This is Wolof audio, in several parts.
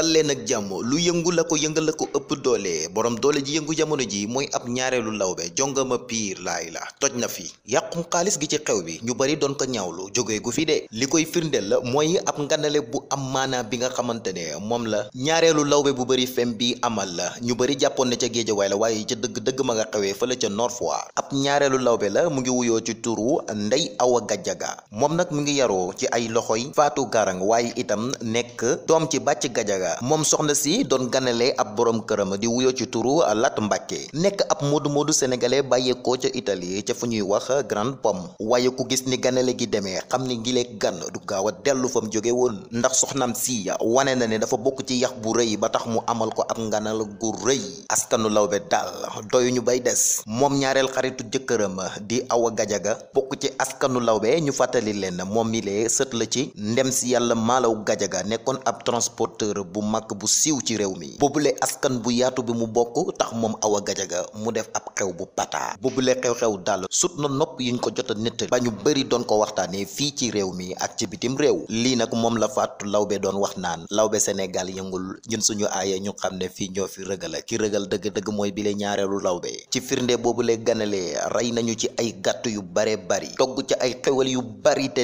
dal leen ak jàmm lu yëngu la ko yëngal la ko ëpp doole boroom doole ji yëngu jamono ji mooy ab ñaareelu lawbe jongama piir laay la toj na fi yàqum xaalis gi ci xew bi ñu bari doon ko ñaawlu jógee gu fi de li koy firndeel la mooy ab nganale bu am maanaa bi nga xamante ne moom la ñaareelu lawbe bu bari fem bi amal la ñu bari jàppoon ne ca géejawaay la waaye ca dëgg dëgg ma nga xewee fële ca Nord Foire ab ñaareelu lawbe la mu ngi wuyoo ci turu Ndey Awa Gadiaga moom nag mu ngi yaroo ci ay loxoy Fatou moom soxna si doon ganale ab borom këram di wuyoo ci turu Lat Mbàkke nekk ab moodu-moodu sénégalais bàyyeekoo ca Italie ca fu ñuy wax Grande Pomme waaye ku gis ni ganale gi demee xam ni ngi lee gan du gaaw a dellu fa mu jóge woon ndax soxnaam si wane na ne dafa bokk ci yax bu rëy ba tax mu amal ko ab nganal gu rëy askanu lawbe daal doyu ñu bay des moom ñaareel xaritu jëkkëram di Awa Gajaga bokk ci askanu lawbe ñu fàttali leen moom mi lee sët la ci ndem si yàlla maalaw Gajaga nekkoon ab transporteur bu mag bu siiw ci réew mi boobu boobule askan bu yaatu bi mu bokk tax moom Awa Gajaga mu def ab xew bu boobu boobule xew-xew dal sut na nopp yiñ ko jot a ba ñu bari doon ko waxtaanee fii ci réew mi ak ci bitim réew lii nag moom la Fatou Laobé doon wax naan Laobé senegal yëngul ñun suñu aaya ñu xam ne fii ñoo fi rëgala ki rëgal dëgg-dëgg mooy bile ñaareelu Laobé ci firnde boobule ganale rey nañu ci ay gàtt yu bare bari togg ci ay xewal yu bari te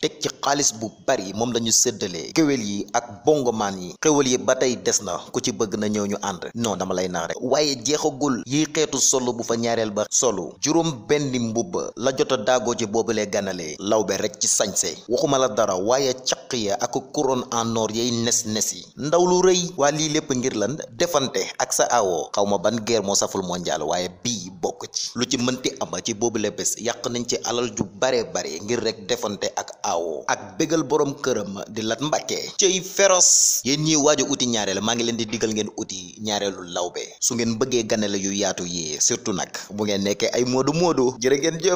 teg ci xaalis bu bari moom lañu séddalee géwél yi ak bongomaan yi xéwal yi ba tey des na ku ci bëgg na ñëw ñu ànd non dama lay nax rek waaye jeexagul yi xeetu solo bu fa ñaareel ba solo juróom benn mbubb la jot a daagoo ci boobulee ganale lawbe rek ci sañse waxuma la dara waaye caq ya ak couronne en or yay nes nes yi ndaw lu rëy waa lii lépp ngir la defante ak sa awo xaw ma ban guerre moo saful mondial waaye bii bokk ci lu ci mënti ama ci boobule yàq nañ ci alal ju bare bare ngir rek defante ak aw ak bégal boroom këram di Lat Mbàkke cey feros yéen ñiy waaj uti ñaareel maa ngi leen di diggal ngeen uti ñaareelu lawbe su ngeen bëggee ganale yu yaatu yi surtout nag bu ngeen nekkee ay moodu moodu jërë ngeen jëf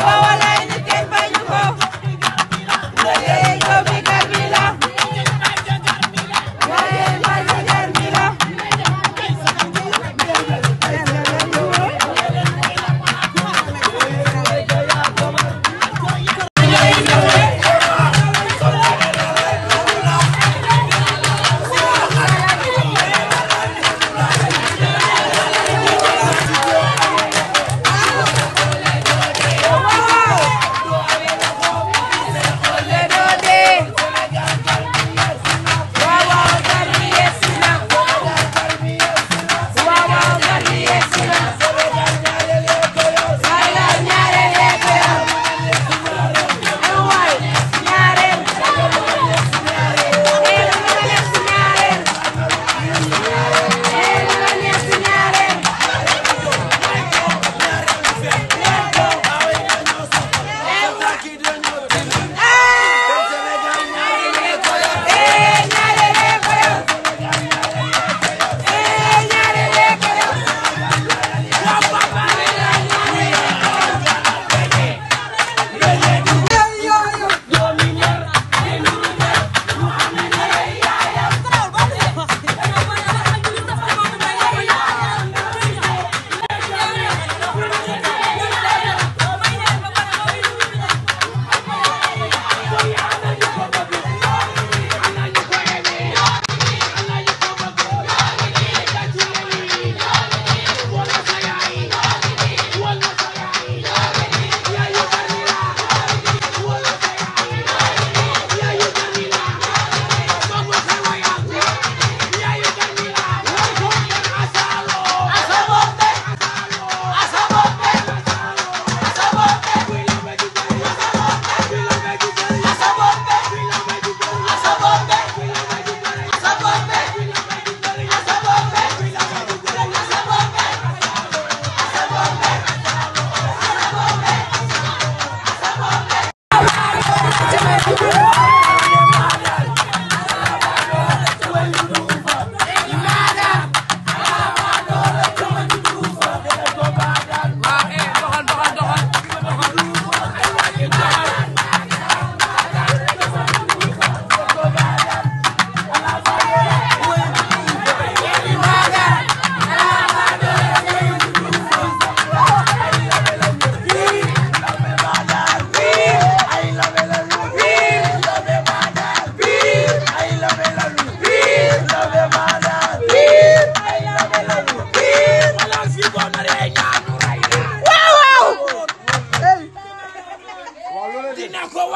Wow, wow, wow.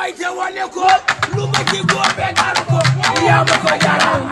way te wane ko lu ma ci góobe dar ko yaa ma ko jaral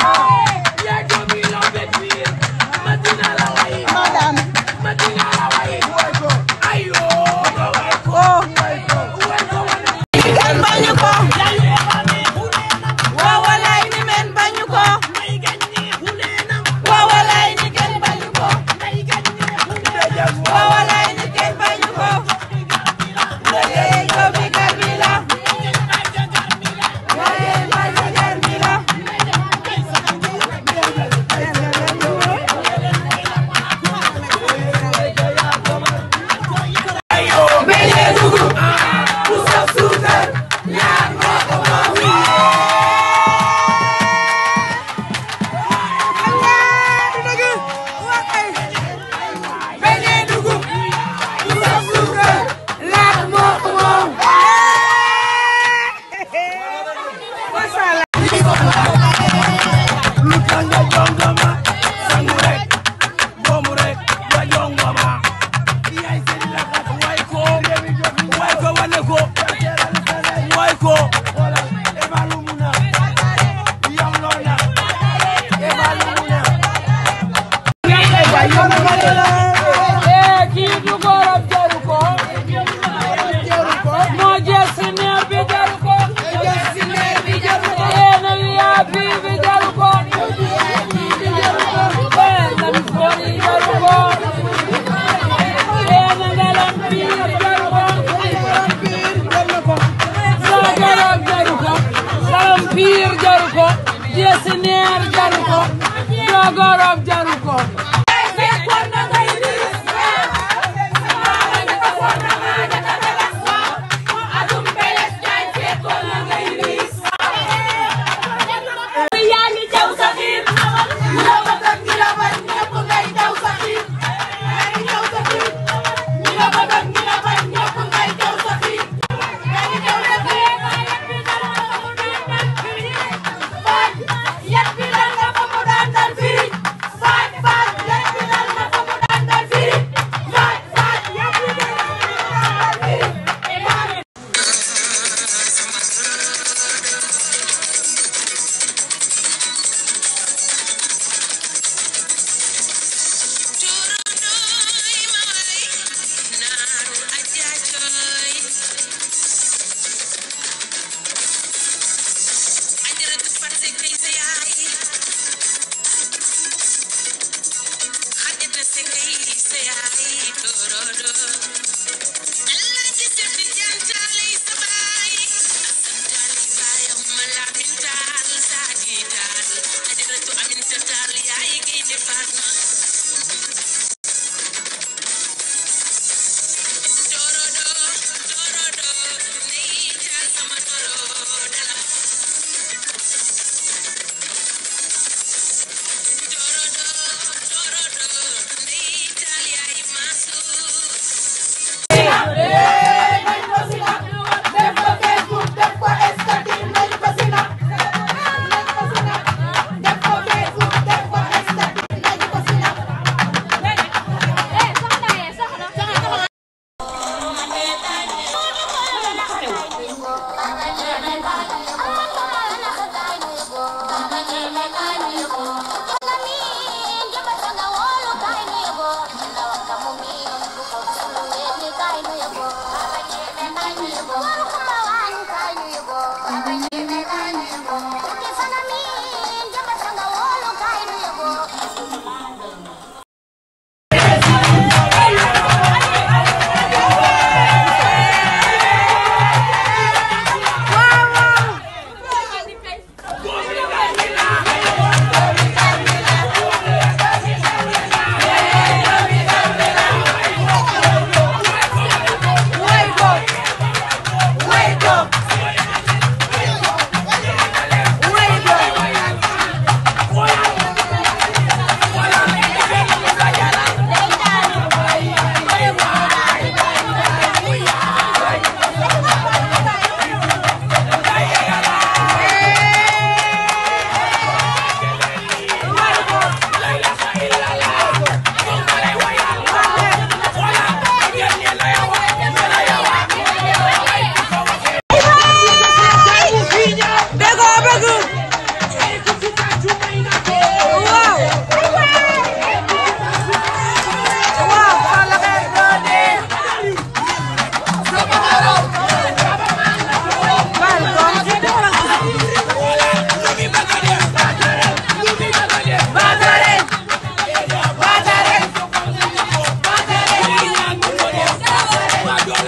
Allah'a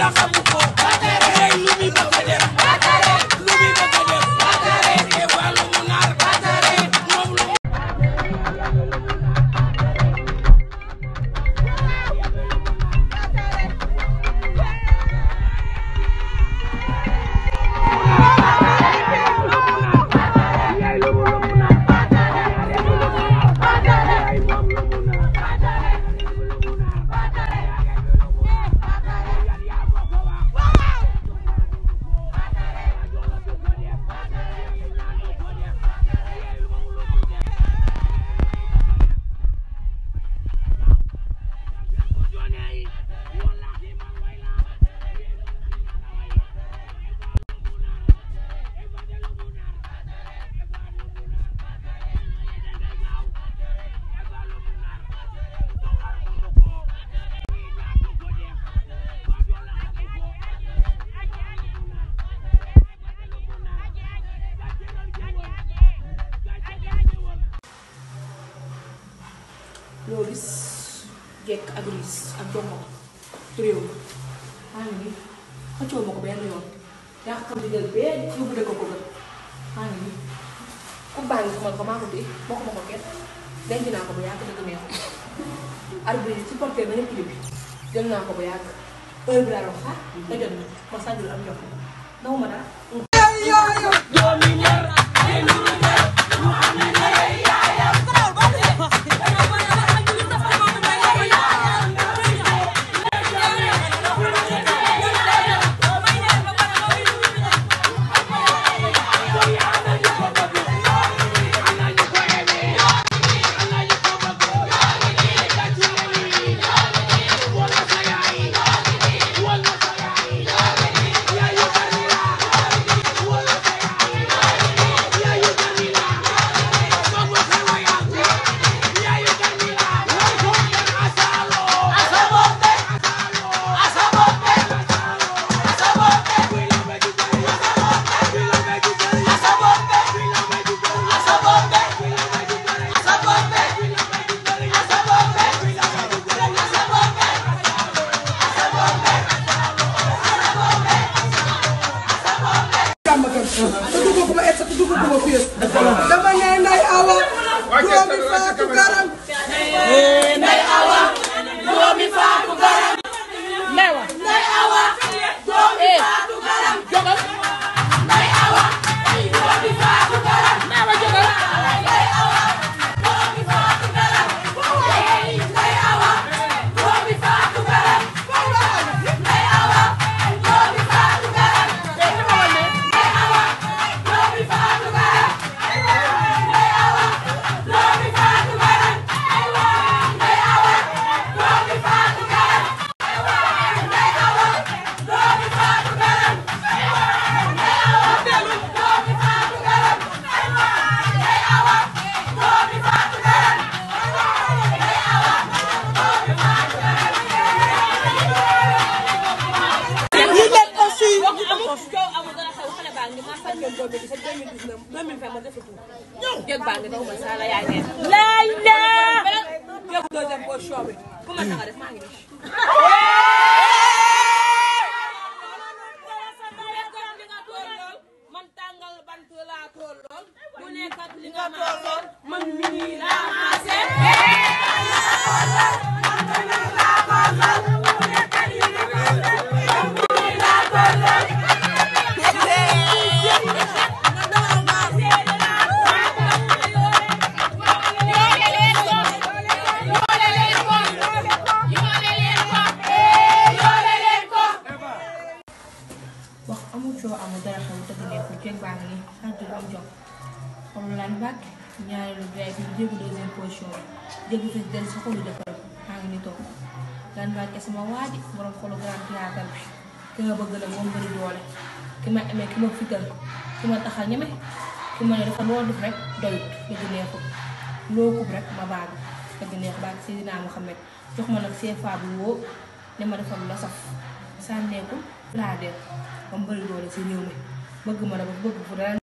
la xam gis ak riis ak jomma réew mi ngi nii xëccoo ma ko benn yoon yaa xam di jël bee yóbbu de ko ko gën maa ngi nii ku bàyyi ko ma ko maa ko dee bokk ma ko kenn denc naa ko ba yàgg dëgg neexu arbitre yi supporter beneen équipe bi jël naa ko ba yàgg heure bi laa nga jot na ma sànjul am jox naw ma daal 2017 2019 2020 ma def tout jeeg baa ngi daw ma sala yaay ne lay na jeeg deuxième position bi ku ma tax a def maa ngi suma waaji borom xolu grand théâtre bi ki ma bëgg la moom bëri doole ki ma amee ki ma fital ki ma tax a ñeme ki ma ne dafa loolu def rek doyut dëgg neexul loo kub rek ma baagu dëgg neex baag Seydina Mouhamed jox ma nag CFA bu woo ne ma defal la saf sànneeku laa def ba bëri doole si réew mi bëgg ma dafa bëgg fu dara